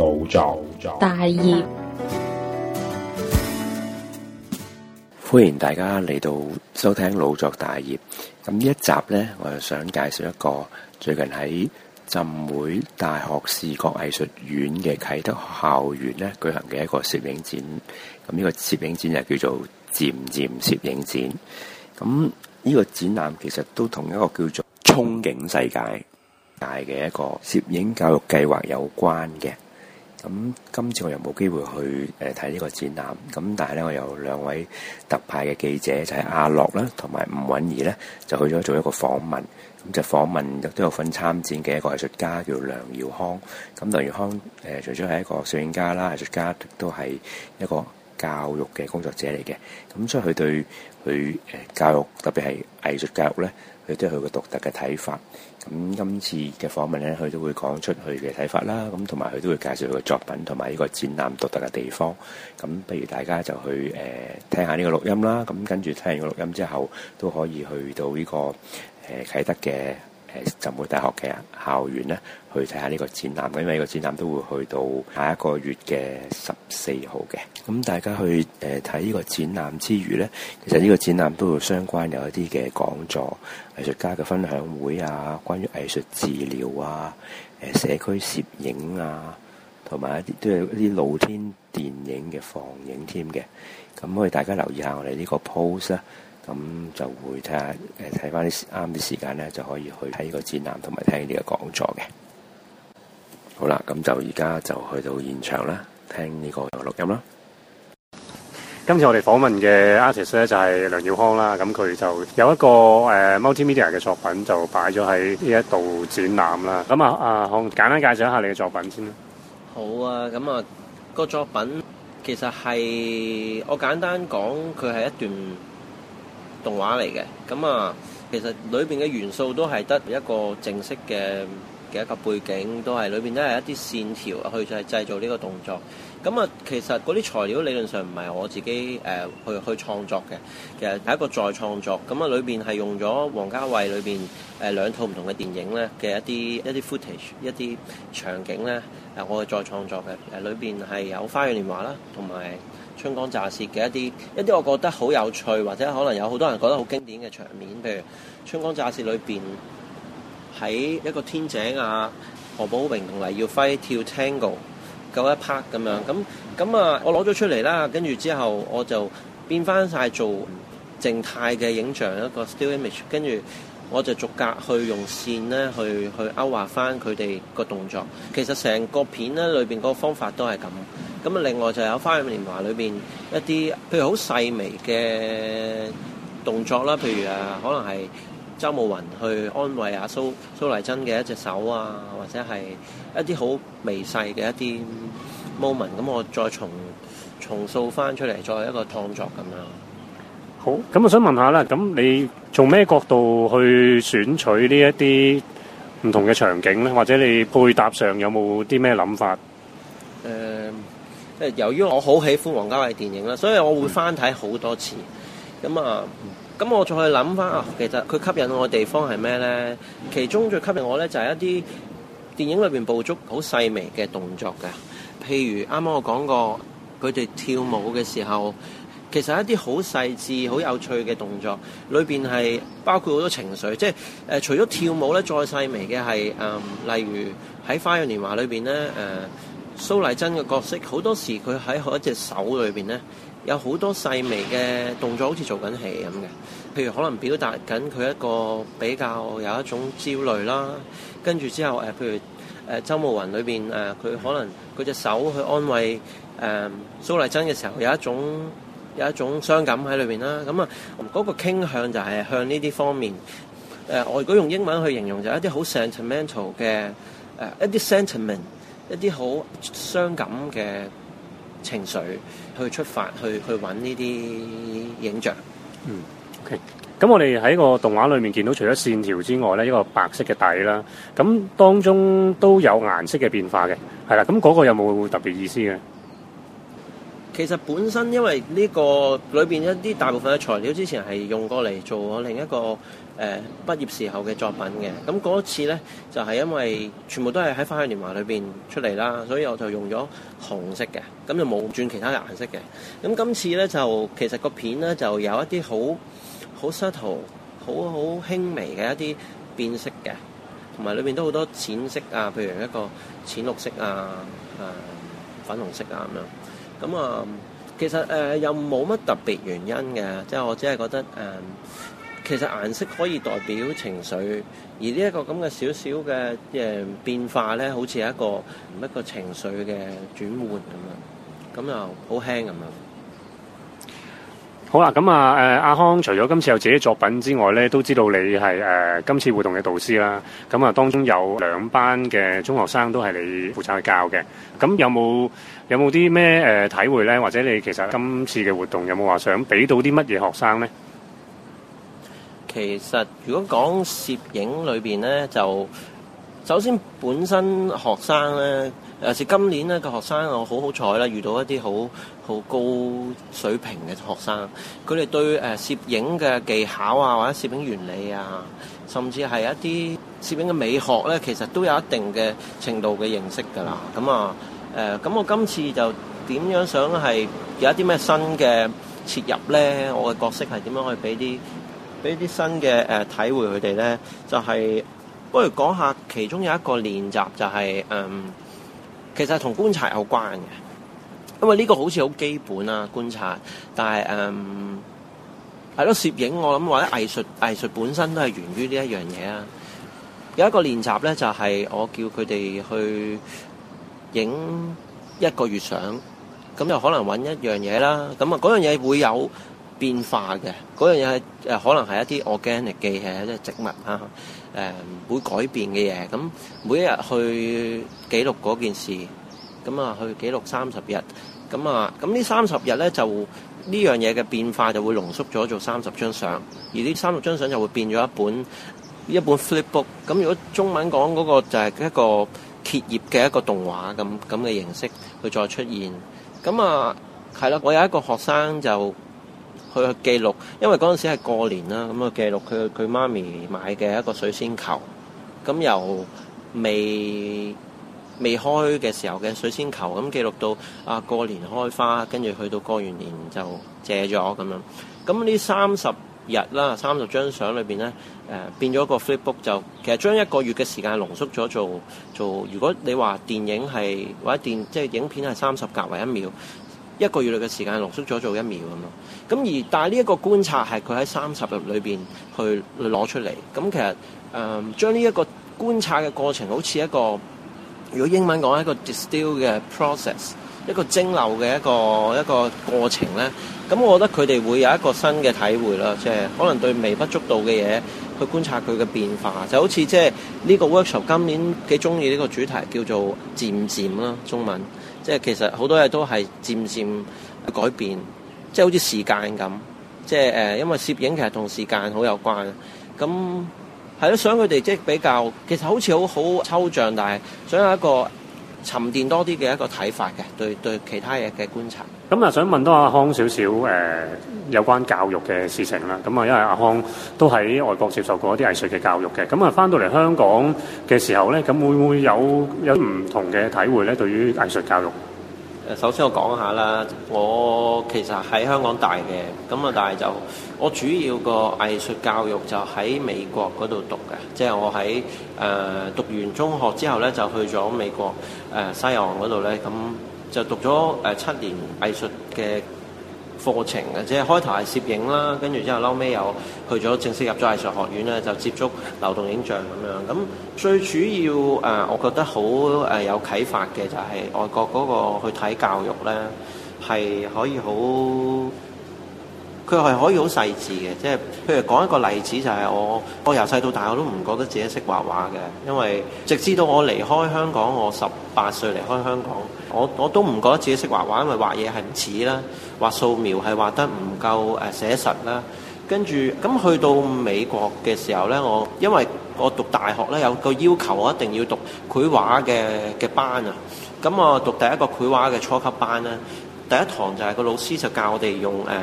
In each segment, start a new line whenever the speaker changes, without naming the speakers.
老作大業，歡迎大家嚟到收聽老作大業。咁呢一集呢，我就想介紹一個最近喺浸會大學視覺藝術院嘅啟德校園咧舉行嘅一個攝影展。咁呢個攝影展就叫做漸漸攝影展。咁呢個展覽其實都同一個叫做憧憬世界大嘅一個攝影教育計劃有關嘅。咁今次我又冇機會去誒睇呢個展覽，咁但係咧，我有兩位特派嘅記者就係阿樂啦，同埋吳允兒咧，就，是、就去咗做一個訪問。咁就訪問都有份參展嘅一個藝術家叫梁耀康。咁梁耀康誒，除咗係一個攝影家啦、藝術家，亦都係一個教育嘅工作者嚟嘅。咁所以佢對佢誒教育，特別係藝術教育咧。佢都係佢個獨特嘅睇法，咁今次嘅訪問咧，佢都會講出佢嘅睇法啦，咁同埋佢都會介紹佢嘅作品同埋呢個展覽獨特嘅地方。咁不如大家就去誒、呃、聽下呢個錄音啦。咁跟住聽完個錄音之後，都可以去到呢、這個誒、呃、啟德嘅。誒浸會大學嘅校園咧，去睇下呢個展覽。咁因為呢個展覽都會去到下一個月嘅十四號嘅。咁大家去誒睇呢個展覽之餘呢，其實呢個展覽都會相關有一啲嘅講座、藝術家嘅分享會啊，關於藝術治療啊、誒社區攝影啊，同埋一啲都有啲露天電影嘅放映添嘅。咁我哋大家留意下我哋呢個 post 啊。咁就會睇下誒，睇翻啲啱啲時間咧，就可以去睇個展覽同埋聽呢個講座嘅。好啦，咁就而家就去到現場啦，聽呢個錄音啦。
今次我哋訪問嘅 artist 咧就係梁耀康啦，咁佢就有一個誒、呃、multimedia 嘅作品就擺咗喺呢一度展覽啦。咁啊啊，康、呃、簡單介紹一下你嘅作品先
啦。好啊，咁啊、個作品其實係我簡單講，佢係一段。動畫嚟嘅，咁、嗯、啊，其實裏邊嘅元素都係得一個正式嘅嘅一個背景，都係裏邊都係一啲線條去製製造呢個動作。咁、嗯、啊，其實嗰啲材料理論上唔係我自己誒、呃、去去創作嘅，其實係一個再創作。咁、嗯、啊，裏邊係用咗王家衞裏邊誒兩套唔同嘅電影咧嘅一啲一啲 footage、一啲場景咧，誒、呃、我係再創作嘅。誒裏邊係有《花樣年華》啦，同埋，春光乍泄嘅一啲一啲，我覺得好有趣，或者可能有好多人覺得好經典嘅場面，譬如春光乍泄裏邊，喺一個天井啊，何寶榮同黎耀輝跳 tango，九一 part 咁樣，咁咁啊，我攞咗出嚟啦，跟住之後我就變返晒做靜態嘅影像，一個 still image，跟住。我就逐格去用線咧，去去勾畫翻佢哋個動作。其實成個片咧裏邊嗰個方法都係咁。咁啊，另外就有《花樣年華》裏邊一啲，譬如好細微嘅動作啦，譬如啊，可能係周慕雲去安慰阿、啊、蘇蘇麗珍嘅一隻手啊，或者係一啲好微細嘅一啲 moment、嗯。咁我再重重掃翻出嚟，再一個創
作咁樣。好，咁我想問下啦，咁你從咩角度去選取呢一啲唔同嘅場景咧？或者你配搭上有冇啲咩諗法？
誒，誒，由於我好喜歡王家衛電影啦，所以我會翻睇好多次。咁啊、嗯，咁我再去諗翻啊，其實佢吸引我嘅地方係咩咧？其中最吸引我咧就係、是、一啲電影裏邊捕捉好細微嘅動作嘅，譬如啱啱我講過佢哋跳舞嘅時候。其實一啲好細緻、好有趣嘅動作，裏邊係包括好多情緒。即係誒、呃，除咗跳舞咧，再細微嘅係誒，例如喺《花樣年華》裏邊咧，誒、呃、蘇麗珍嘅角色，好多時佢喺一隻手裏邊咧，有好多細微嘅動作，好似做緊戲咁嘅。譬如可能表達緊佢一個比較有一種焦慮啦，跟住之後誒、呃，譬如誒、呃、周慕雲裏邊誒，佢、呃、可能佢隻手去安慰誒、呃、蘇麗珍嘅時候，有一種。有一種傷感喺裏面啦，咁啊嗰個傾向就係向呢啲方面，誒、呃，我如果用英文去形容，就係、一啲好 sentimental 嘅，誒、呃，一啲 sentiment，一啲好傷感嘅情緒去出發，去去搵呢啲
影像。嗯，OK，咁我哋喺個動畫裏面見到，除咗線條之外咧，一個白色嘅底啦，咁當中都有顏色嘅變化嘅，係啦，咁嗰個有冇特別意思嘅？
其實本身因為呢個裏邊一啲大部分嘅材料之前係用過嚟做我另一個誒、呃、畢業時候嘅作品嘅，咁嗰一次呢，就係、是、因為全部都係喺《花樣年華》裏邊出嚟啦，所以我就用咗紅色嘅，咁就冇轉其他嘅顏色嘅。咁今次呢，就其實個片呢，就有一啲好好 subtle、好好輕微嘅一啲變色嘅，同埋裏面都好多淺色啊，譬如一個淺綠色啊、誒、啊、粉紅色啊咁樣。咁啊、嗯，其實誒、呃、又冇乜特別原因嘅，即係我只係覺得誒、嗯、其實顏色可以代表情緒，而這這的小小的呢一個咁嘅少少嘅誒變化咧，好似係一個唔一個情緒嘅轉換咁樣，咁又好輕咁樣。
好啦，咁啊，誒阿康，除咗今次有自己作品之外咧，都知道你係誒今次活動嘅導師啦。咁啊，當中有兩班嘅中學生都係你負責去教嘅。咁有冇有冇啲咩誒體會咧？或者你其實今次嘅活動有冇話想俾到啲乜嘢學生咧？
其實如果講攝影裏邊咧，就首先本身學生咧，尤其是今年咧個學生，我好好彩啦，遇到一啲好。好高水平嘅學生，佢哋對誒攝影嘅技巧啊，或者攝影原理啊，甚至係一啲攝影嘅美學咧，其實都有一定嘅程度嘅認識噶啦。咁啊誒，咁我今次就點樣想係有一啲咩新嘅切入咧？我嘅角色係點樣去俾啲俾啲新嘅誒體會佢哋咧？就係不如講下其中有一個練習，就係嗯，其實同觀察有關嘅。因為呢個好似好基本啊，觀察。但係誒，係、嗯、咯，攝影我諗或者藝術藝術本身都係源於呢一樣嘢啊。有一個練習咧，就係、是、我叫佢哋去影一個月相，咁就可能揾一樣嘢啦。咁啊，嗰樣嘢會有變化嘅。嗰樣嘢係誒，可能係一啲 organic 嘅，即係植物啊，誒、嗯、會改變嘅嘢。咁每一日去記錄嗰件事。咁啊，去記錄三十日，咁啊，咁呢三十日呢，就呢樣嘢嘅變化就會濃縮咗做三十張相，而呢三十張相就會變咗一本一本 flipbook。咁如果中文講嗰、那個就係一個揭頁嘅一個動畫咁咁嘅形式去再出現。咁啊，係啦，我有一個學生就去，去記錄，因為嗰陣時係過年啦，咁啊記錄佢佢媽咪買嘅一個水仙球，咁又未。未開嘅時候嘅水仙球，咁記錄到啊過年開花，跟住去到過完年就謝咗咁樣。咁呢三十日啦，三十張相裏邊呢，誒、呃、變咗個 Flipbook 就其實將一個月嘅時間濃縮咗做做。如果你話電影係或者電即係、就是、影片係三十格為一秒，一個月裏嘅時間濃縮咗做一秒咁咯。咁而但係呢一個觀察係佢喺三十日裏邊去攞出嚟咁，其實誒、呃、將呢一個觀察嘅過程好似一個。如果英文講係一個 distill 嘅 process，一個蒸餾嘅一個一個過程咧，咁我覺得佢哋會有一個新嘅體會啦，即係可能對微不足道嘅嘢去觀察佢嘅變化，就好似即係呢個 workshop 今年幾中意呢個主題叫做漸漸啦，中文，即係其實好多嘢都係漸漸改變，即係好似時間咁，即係誒，因為攝影其實同時間好有關，咁。係咯，想佢哋即係比較，其實好似好好抽象，但係想有一個沉澱多啲嘅一個睇法嘅，對對其他嘢嘅觀察。
咁啊、嗯，想問多阿康少少誒有關教育嘅事情啦。咁、嗯、啊，因為阿康都喺外國接受過一啲藝術嘅教育嘅，咁、嗯、啊，翻到嚟香港嘅時候咧，咁會唔會有有唔同嘅體會咧？對於藝術教育？
首先我講下啦，我其實喺香港大嘅，咁啊但係就我主要個藝術教育就喺美國嗰度讀嘅，即係我喺誒、呃、讀完中學之後咧就去咗美國誒、呃、西岸嗰度咧，咁就讀咗誒七年藝術嘅。課程嘅，即係開頭係攝影啦，跟住之後撈尾又去咗正式入咗藝術學院咧，就接觸流動影像咁樣。咁最主要誒、呃，我覺得好誒有啓發嘅就係外國嗰個去睇教育咧，係可以好。佢係可以好細緻嘅，即係譬如講一個例子就，就係我我由細到大我都唔覺得自己識畫畫嘅，因為直至到我離開香港，我十八歲離開香港，我我都唔覺得自己識畫畫，因為畫嘢係唔似啦，畫素描係畫得唔夠誒寫實啦。跟住咁去到美國嘅時候呢，我因為我讀大學呢，有個要求，我一定要讀繪畫嘅嘅班啊。咁我讀第一個繪畫嘅初級班呢，第一堂就係個老師就教我哋用誒。呃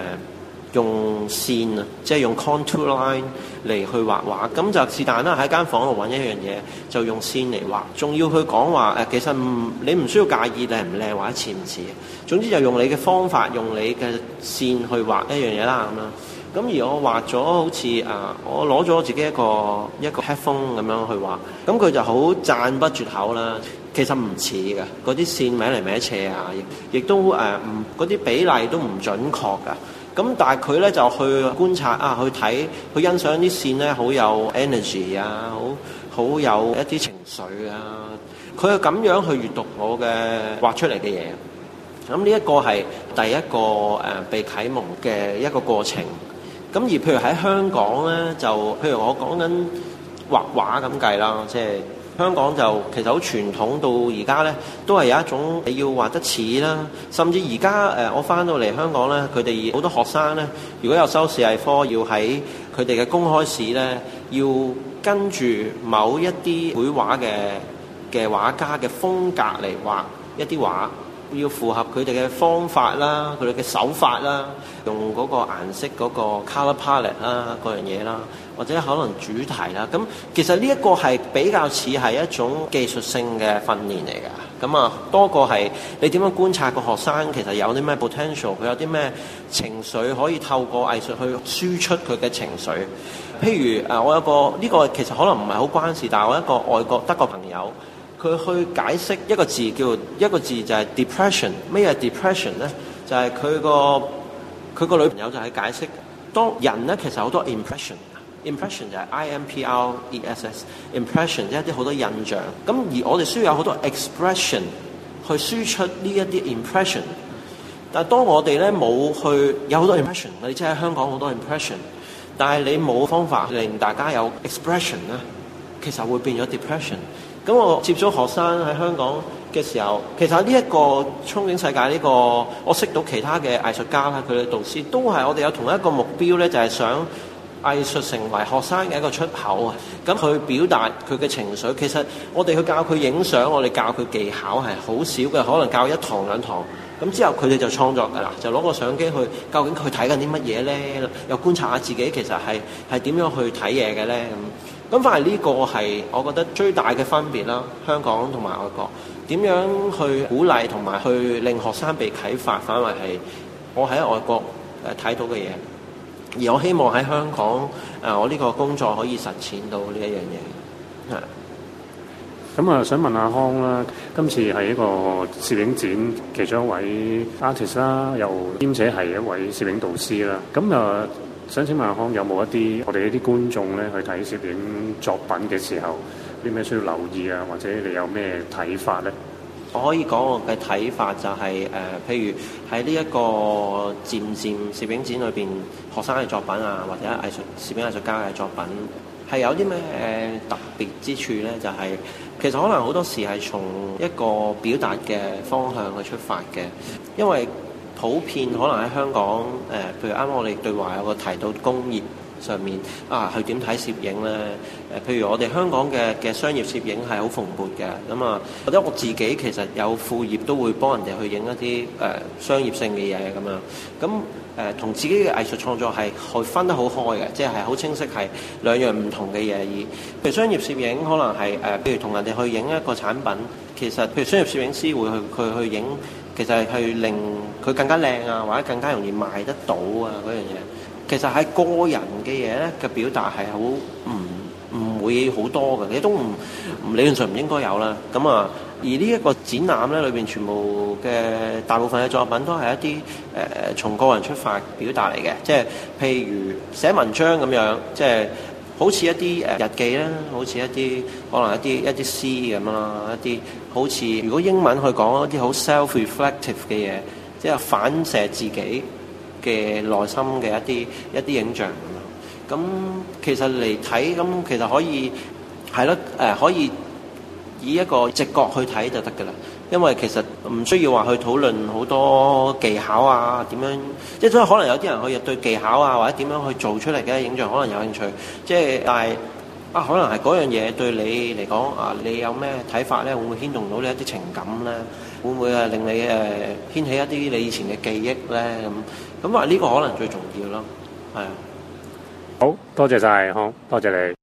用線啊，即係用 contour line 嚟去畫畫，咁就是但啦。喺間房度搵一樣嘢，就用線嚟畫，仲要佢講話誒、呃，其實唔你唔需要介意靚唔靚，或者似唔似。總之就用你嘅方法，用你嘅線去畫一樣嘢啦。咁樣咁而我畫咗好似啊、呃，我攞咗自己一個一個 headphone 咁樣去畫，咁、呃、佢就好讚不絕口啦。其實唔似嘅，嗰啲線歪嚟歪斜啊，亦亦都誒唔嗰啲比例都唔準確㗎。咁但係佢咧就去觀察啊，去睇，去欣賞啲線咧好有 energy 啊，好好有一啲情緒啊，佢係咁樣去閲讀我嘅畫出嚟嘅嘢。咁呢一個係第一個誒被啟蒙嘅一個過程。咁、啊、而譬如喺香港咧，就譬如我講緊畫畫咁計啦，即係。香港就其實好傳統，到而家呢都係有一種你要畫得似啦，甚至而家誒我翻到嚟香港呢，佢哋好多學生呢，如果有修視藝科，要喺佢哋嘅公開試呢，要跟住某一啲繪畫嘅嘅畫家嘅風格嚟畫一啲畫，要符合佢哋嘅方法啦，佢哋嘅手法啦，用嗰個顏色嗰個 colour palette 啦，嗰樣嘢啦。或者可能主題啦，咁其實呢一個係比較似係一種技術性嘅訓練嚟㗎。咁啊，多過係你點樣觀察個學生，其實有啲咩 potential，佢有啲咩情緒可以透過藝術去輸出佢嘅情緒。譬如啊，我有個呢個其實可能唔係好關事，但係我一個外國德國朋友，佢去解釋一個字叫一個字就係 depression。咩嘢 depression 呢？就係佢個佢個女朋友就係解釋，當人呢其實好多 impression。impression 就係 i m p r e s s impression 即係一啲好多印象，咁而我哋需要有好多 expression 去輸出呢一啲 impression。但係當我哋咧冇去有好多 impression，你即係香港好多 impression，但係你冇方法令大家有 expression 咧，其實會變咗 depression。咁我接咗學生喺香港嘅時候，其實呢一個憧憬世界呢個，我識到其他嘅藝術家啦，佢嘅導師都係我哋有同一個目標咧，就係想。藝術成為學生嘅一個出口啊！咁佢表達佢嘅情緒，其實我哋去教佢影相，我哋教佢技巧係好少嘅，可能教一堂兩堂。咁之後佢哋就創作㗎啦，就攞個相機去，究竟佢睇緊啲乜嘢呢？又觀察下自己其實係係點樣去睇嘢嘅呢？咁咁反而呢個係我覺得最大嘅分別啦。香港同埋外國點樣去鼓勵同埋去令學生被啟發，反為係我喺外國誒睇到嘅嘢。而我希望喺香港，誒、呃，我呢個工作可以實踐到呢一樣嘢。係、嗯，
咁啊、呃，想問阿康啦，今次係一個攝影展其中一位 artist 啦，又兼且係一位攝影導師啦。咁啊、呃，想請問下康，有冇一啲我哋一啲觀眾咧去睇攝影作品嘅時候，啲咩需要留意啊？或者你有咩睇法咧？我可以講
我嘅睇法就係、是、誒、呃，譬如喺呢一個漸漸攝影展裏邊，學生嘅作品啊，或者藝術攝影藝術家嘅作品，係有啲咩誒特別之處呢？就係、是、其實可能好多時係從一個表達嘅方向去出發嘅，因為普遍可能喺香港誒、呃，譬如啱啱我哋對話有個提到工業。上面啊，去點睇攝影呢？誒、呃，譬如我哋香港嘅嘅商業攝影係好蓬勃嘅，咁、嗯、啊，或者我自己其實有副業都會幫人哋去影一啲誒、呃、商業性嘅嘢咁樣。咁、嗯、誒、呃，同自己嘅藝術創作係去分得好開嘅，即係好清晰係兩樣唔同嘅嘢。而譬如商業攝影可能係誒、呃，譬如同人哋去影一個產品，其實譬如商業攝影師會去佢去影，其實係令佢更加靚啊，或者更加容易買得到啊嗰樣嘢。其實喺個人嘅嘢咧嘅表達係好唔唔會好多嘅，你都唔唔理論上唔應該有啦。咁啊，而呢一個展覽咧裏邊全部嘅大部分嘅作品都係一啲誒誒從個人出發表達嚟嘅，即係譬如寫文章咁樣，即係好似一啲誒、呃、日記啦，好似一啲可能一啲一啲詩咁啦。一啲好似如果英文去講一啲好 self-reflective 嘅嘢，即係反射自己，嘅內心嘅一啲一啲影像，咁其實嚟睇，咁其實可以係咯，誒、呃、可以以一個直覺去睇就得噶啦，因為其實唔需要話去討論好多技巧啊，點樣，即係都可能有啲人去入對技巧啊，或者點樣去做出嚟嘅影像可能有興趣，即係但係啊，可能係嗰樣嘢對你嚟講啊，你有咩睇法咧？會唔會牽動到你一啲情感咧？會唔會令你掀起一啲你以前嘅記憶呢？咁咁呢個可能最重要咯，係好多謝曬，多謝你。